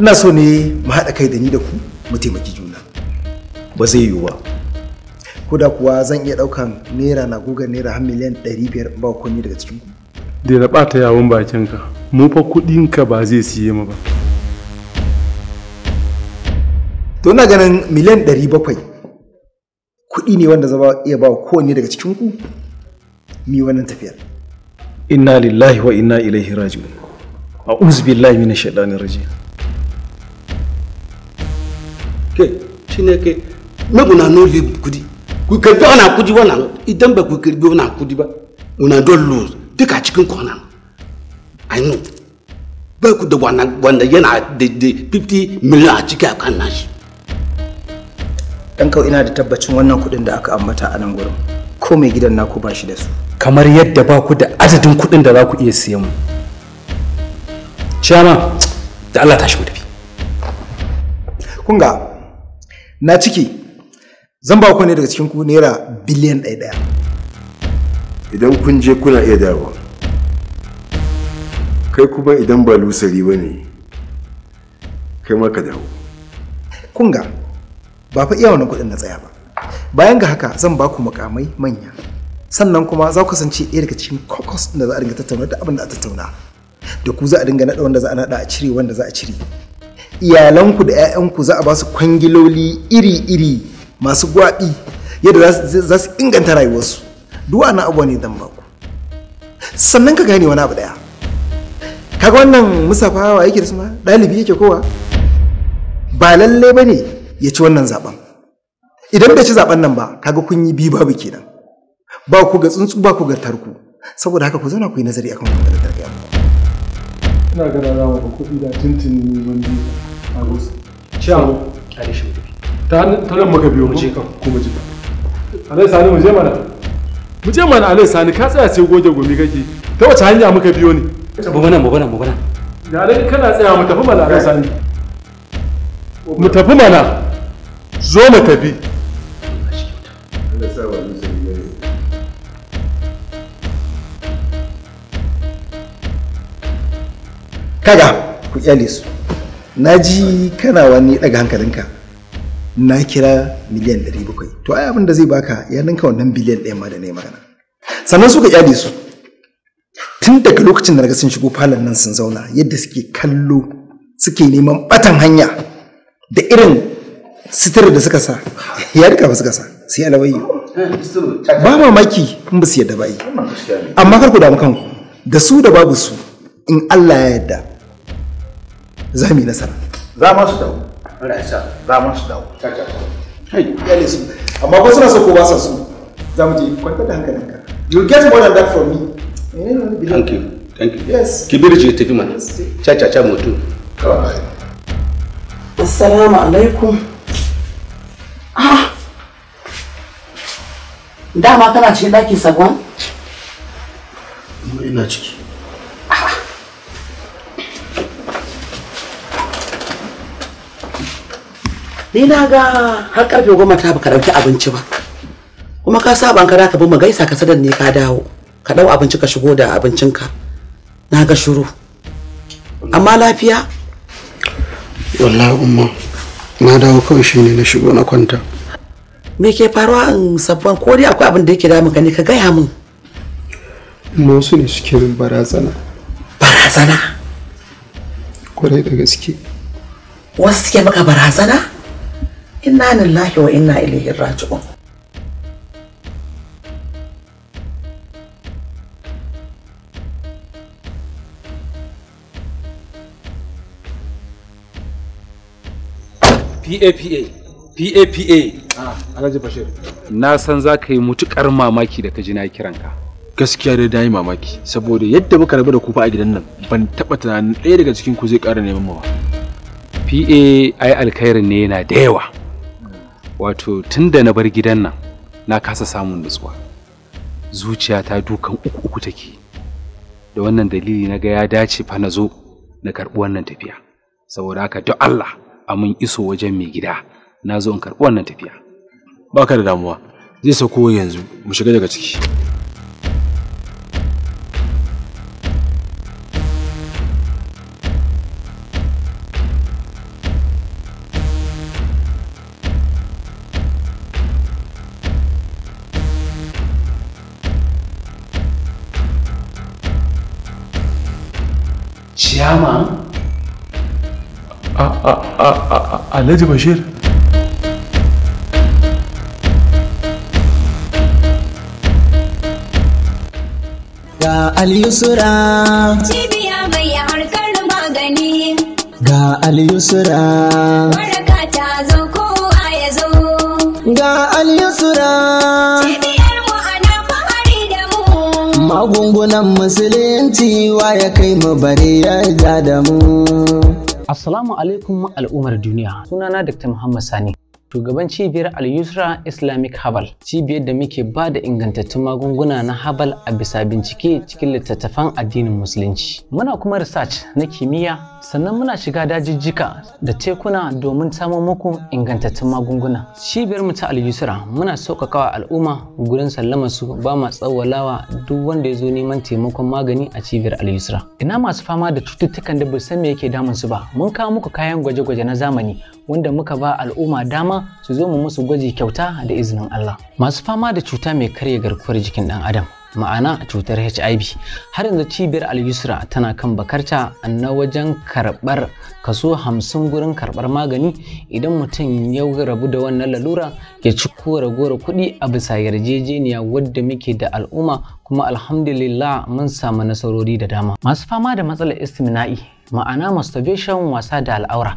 ina so ne mu haɗa kai da ni da ku mu taimaki juna ba zai yiwu ba ko da kuwa zan iya ɗaukan naira na guga naira har miliyan 500 ba kuni daga cikin ku da raba ta yawon bakinka mu fa kuɗinka ba zai siye mu ba to na ganin miliyan 700 kuɗi ne wanda zama iya ba kowanne daga cikin ku mi wannan tafiyar inna lillahi wa inna ilaihi raji'un a'udhu billahi minash shaitanir rajim ke shine ke mabu na no kukarbi n'a kudi wannan idan ba ku karbi n'a kudi ba una don lose duka cikin kwana i know ba ku da wanda yana da 50 million a cikin akan nashi dan kawai ina da tabbacin wannan kudin da aka ambata a nan gurin ko mai gidan na ba shi da su kamar yadda ba ku da adadin kudin da za ku iya siyan mu ciyama da Allah tashi mu tafi kun ga na ciki zan ba ku ne daga cikin ku naira biliyan ɗaya ɗaya idan kun je kuna iya dawo kai kuma idan ba lusari ba ne kai ma ka dawo Kunga, ba fa iya wannan kuɗin na tsaya ba bayan ga haka zan ba ku mukamai manya sannan kuma za ku kasance ɗaya daga cikin kokos da za a dinga tattauna da abin da a tattauna da ku za a dinga naɗa wanda za a naɗa a cire wanda za a cire iyalanku da 'ya'yanku za a ba su kwangiloli iri-iri masu gwaɓi yadda za su inganta rayuwarsu duwa na abuwa ne don baku sannan ka gane wani abu daya kaga wannan musafawa yake da su ma ɗalibi yake kowa ba lalle ba ne ya ci wannan zaben idan bai ci zaben nan ba kaga kun yi biyu babu kenan ba ku ga tsuntsu ba ku ga tarko saboda haka ku zauna ku yi nazari akan wannan da tarbiya ina ga rawa da kuɗi da tuntuni wani a rusa ciao ƙarshe ta nan maka biyo muje kan ko muje alai sani muje mana muje mana alai sani ka tsaya sai goge gumi kake ta wace hanya muka biyo ne mu bana mu bana mu bana da alai kana tsaya mu tafi mana alai sani mu tafi mana zo mu tafi kaga ku kyale su na ji kana wani daga hankalinka na kira miliyan ɗari bakwai to ai abin da zai baka ya ninka wannan biliyan ɗaya ma da ne magana sannan suka ƙyale su tun daga lokacin da naga sun shigo falon nan sun zauna yadda suke kallo suke neman batan hanya da irin sitar da suka sa ya rika ba suka sa sai alawayi ba mamaki in ba su yadda ba yi amma kar ku damu kanku da su da babu su in Allah ya yadda za mu yi nasara za ma su dawo za mu shi dawo kai su amma ko suna so ko ba sa so za mu je kwanta da hankalinka you get more than that from me eh, thank you thank you yes kibirji tafi mana cha cha cha mutu assalamu alaikum ah dama kana cikin daki sabon ina ciki ni na ga har karfe goma ta baka dauki abinci ba kuma ka saba ka zaka bin gaisa ka sadar ne ka dawo ka dau abinci ka shigo da abincinka na ga shiru amma lafiya wallahi umma na dawo kawai ne na shigo na kwanta me ke faruwa in sabon ko dai akwai abin da yake damun ka ne ka gaya min wasu ne suke min barazana barazana kwarai da gaske wasu suke maka barazana inna lillahi wa inna ilaihi raji'un PAPA PAPA ah, Alhaji Bashir na san za ka yi mutukar mamaki da ka ji na kiranka gaskiya dai da yi mamaki saboda yadda muka rabu da ku a gidan nan ban taba tunanin ɗaya daga cikin ku zai ƙara neman mu ba PA ai alkhairin ne yana da yawa wato tun da na bar gidan nan na kasa samun nutsuwa zuciya ta dukan uku uku take da wannan dalili na ga ya dace fa na zo na karɓi wannan tafiya saboda haka duk Allah a mun iso wajen mai gida na zo in karɓi wannan tafiya ba ka da damuwa zai sauko yanzu mu shiga daga ciki a alhaji bashir ga al-yusra cibiya mai harkar magani ga al-yusra waraka ta zo ko a ya ga al-yusra magungunan musulunci wa ya kai mu bare ya da mu Assalamu alaikum al'ummar duniya sunana Dr. Muhammad Sani shugaban cibiyar al-yusra islamic habal cibiyar da muke ba da ingantattun magunguna na habal a bisa bincike cikin littattafan addinin musulunci muna kuma research na kimiyya sannan muna shiga dajijjika da tekuna domin samun muku ingantattun magunguna cibiyar mu ta al-yusra muna sauƙaƙawa al'umma gurin sallamar su ba ma tsawalawa duk wanda ya zo neman taimakon magani a cibiyar al-yusra ina masu fama da cututtukan da bai san me yake damun su ba mun kawo muku kayan gwaje-gwaje na zamani wanda muka ba al'umma dama su zo mu musu gwaji kyauta da izinin Allah. Masu fama da cuta mai karya garkuwar jikin ɗan adam ma'ana cutar HIV har yanzu cibiyar al-yusra tana kan bakarta na wajen karɓar kaso hamsin gurin karɓar magani idan mutum ya rabu da wannan lalura ya ci kora gora kuɗi a bisa yarjejeniya wadda muke da al'umma kuma alhamdulillah mun samu nasarori da dama masu fama da matsalar istimina'i ma'ana masturbation wasa da al'aura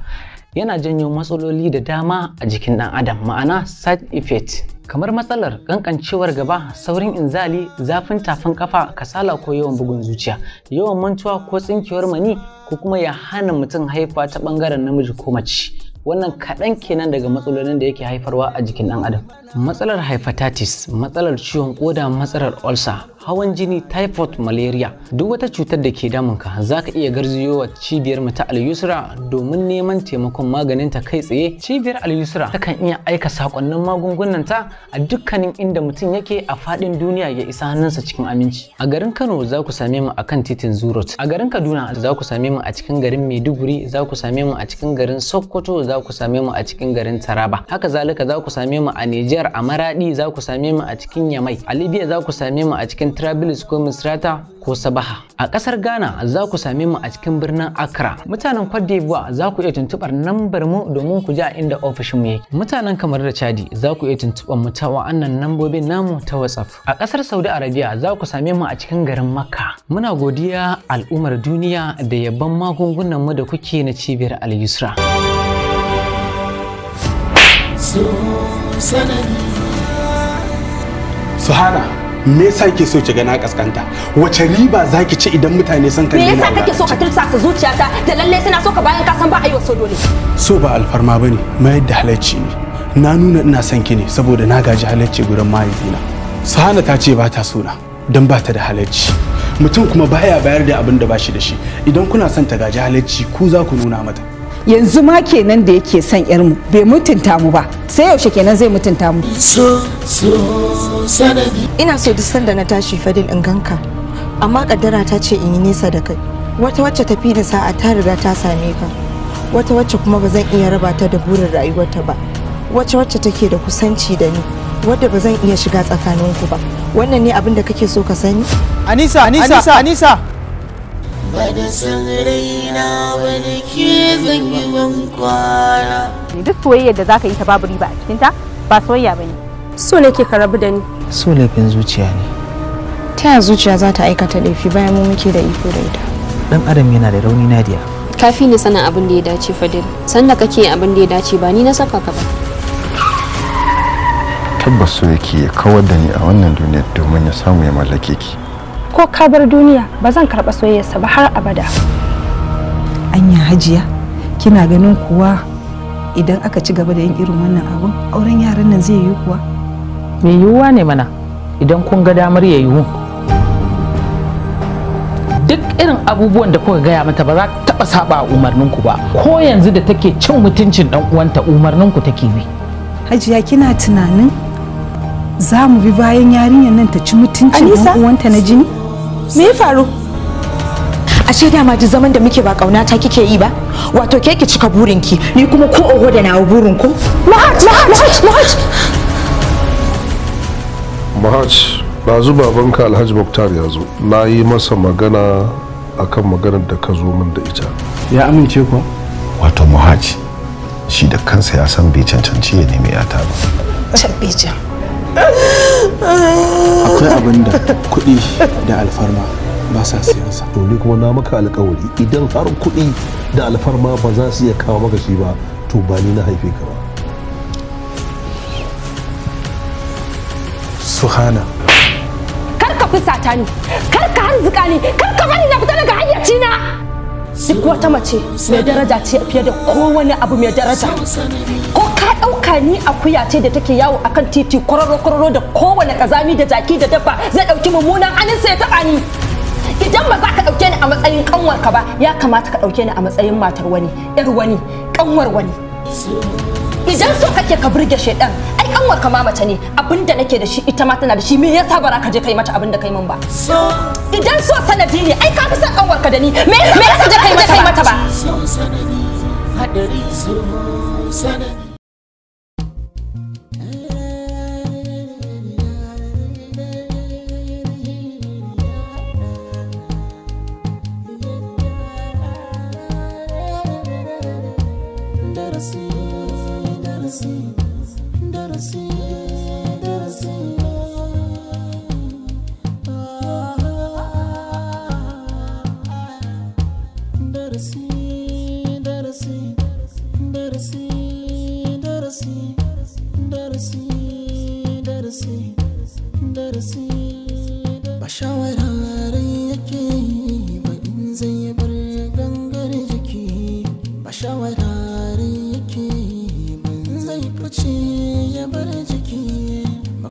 yana janyo matsaloli da dama a jikin ɗan adam ma'ana side effect kamar matsalar kankancewar gaba saurin inzali zafin tafin kafa kasala ko yawan bugun zuciya yawan mantuwa ko tsinkewar mani ko kuma ya hana mutum haifa ta bangaren namiji ko mace wannan kaɗan kenan daga matsalolin da yake haifarwa a jikin ɗan adam matsalar hepatitis matsalar ciwon koda matsalar ulcer hawan jini typhoid malaria duk wata cutar da ke damun ka za ka iya garziyowa cibiyar mu ta al-yusra domin neman taimakon maganin ta kai tsaye cibiyar al-yusra ta kan iya aika sakonnin magungunan ta a dukkanin inda mutum yake a fadin duniya ya isa hannunsa cikin aminci a garin Kano za ku same mu a kan titin Zurot a garin Kaduna za ku same mu a cikin garin Maiduguri za ku same mu a cikin garin Sokoto za ku same mu a cikin garin Taraba haka zalika za ku same mu a Nijar a Maradi za ku same mu a cikin Yamai a Libya za ku same mu a cikin yankin Trabilis ko Misrata ko Sabaha. A ƙasar Ghana za ku same mu a cikin birnin Accra. Mutanen Cote d'Ivoire za ku iya tuntuɓar nambar mu domin ku ji a inda ofishin mu yake. Mutanen kamar da Chadi za ku iya tuntuɓar mu ta wa'annan nambobin namu ta WhatsApp. A ƙasar Saudi Arabia za ku same mu a cikin garin Makka. Muna godiya al'ummar duniya da yabban magungunan mu da kuke na cibiyar Al-Yusra. Suhana. me yasa kike so ki ga na kaskanta wace riba zaki ci idan mutane sun kalle me yasa kake so ka tilsa su zuciyata da lalle suna so ka bayan ka san ba yi wasu dole so ba alfarma bane mayar yadda halacci ne na nuna ina son ki ne saboda na gaji halacci gurin mahaifina sahana ta ce ba ta so na don ba ta da halacci mutum kuma baya bayar da abin da ba shi da shi idan kuna son ta gaji halacci ku za ku nuna mata yanzu ma kenan da yake son yarmu bai mutunta mu ba sai yaushe kenan zai mutunta mu ina so duk sanda na tashi fadil in ganka amma kaddara ta ce in yi nisa da kai wata wacce tafi da sa'a ta riga ta same ka wata wacce kuma ba zan iya raba ta da burin rayuwarta ba wacce wacce take da kusanci da ni wadda ba zan iya shiga tsakaninku ba wannan ne abin da kake so ka sani anisa anisa anisa, anisa. ba da san raina ba da ke yi kwana duk soyayyar da zaka yi ta babu riba a cikinta ba soyayya bane so nake ka rabu da ni so laifin zuciya ne ta yaya zuciya za ta aikata laifi bayan mu muke da iko da ita dan adam yana da rauni nadiya kafi ne sanin abin da ya dace fadil sanda kake abin da ya dace ba ni na saka ka ba tabbas so yake kawar da ni a wannan duniyar domin ya samu ya mallake ki ko ka bar duniya ba zan karɓa soyayyarsa ba har abada anya hajiya kina ganin kuwa idan aka ci gaba da yin irin wannan abun auren yaran nan zai yi kuwa mai yiwuwa ne mana idan kun ga damar ya yiwu duk irin abubuwan da kuka gaya mata ba za ta taɓa saba a umarninku ba ko yanzu da take cin mutuncin ɗan uwanta umarninku take bi hajiya kina tunanin za mu bi bayan yarinyar nan ta ci mutuncin ɗan uwanta na jini me ya faru ashe dama ji zaman da muke ba kauna ta kike yi ba wato ke ki cika burinki? ni kuma ko oho da nawa burin ko mahaj mahaj mahaj mahaj ɗazu babanka alhaji muktar ya zo na yi masa magana akan maganar da ka zo min da ita ya amince ko wato mahaj shi da kansa ya san bai cancanci ya nemi yata ba Tabbijin. akwai abin da kuɗi da alfarma ba sa sa. to ni kuma na maka alkawari idan har kuɗi da alfarma ba za su iya kawo maka shi ba to ba ni na haife ka ba suhana kar ka fusata ni kar ka hanzuka ni kar ka bari na fita daga hayyaci na duk wata mace mai daraja ce fiye da kowane abu mai daraja ko ka ɗauka ni akuya ce da take yawo akan titi kwararo kwararo da kowane kazami da jaki da dabba zai ɗauki mummunan anin sai taɓa ni idan ba za ka ɗauke ni a matsayin kanwar ka ba ya kamata ka ɗauke ni a matsayin matar wani yar wani kanwar wani idan so kake ka burge shaidan ai kanwar ka mace ne abinda nake da shi ita ma tana da shi me yasa bara ka je kai mata abinda kai min ba idan so sanadi ne ai ka fi son kanwar ka da ni me yasa ka je kai mata ba hadari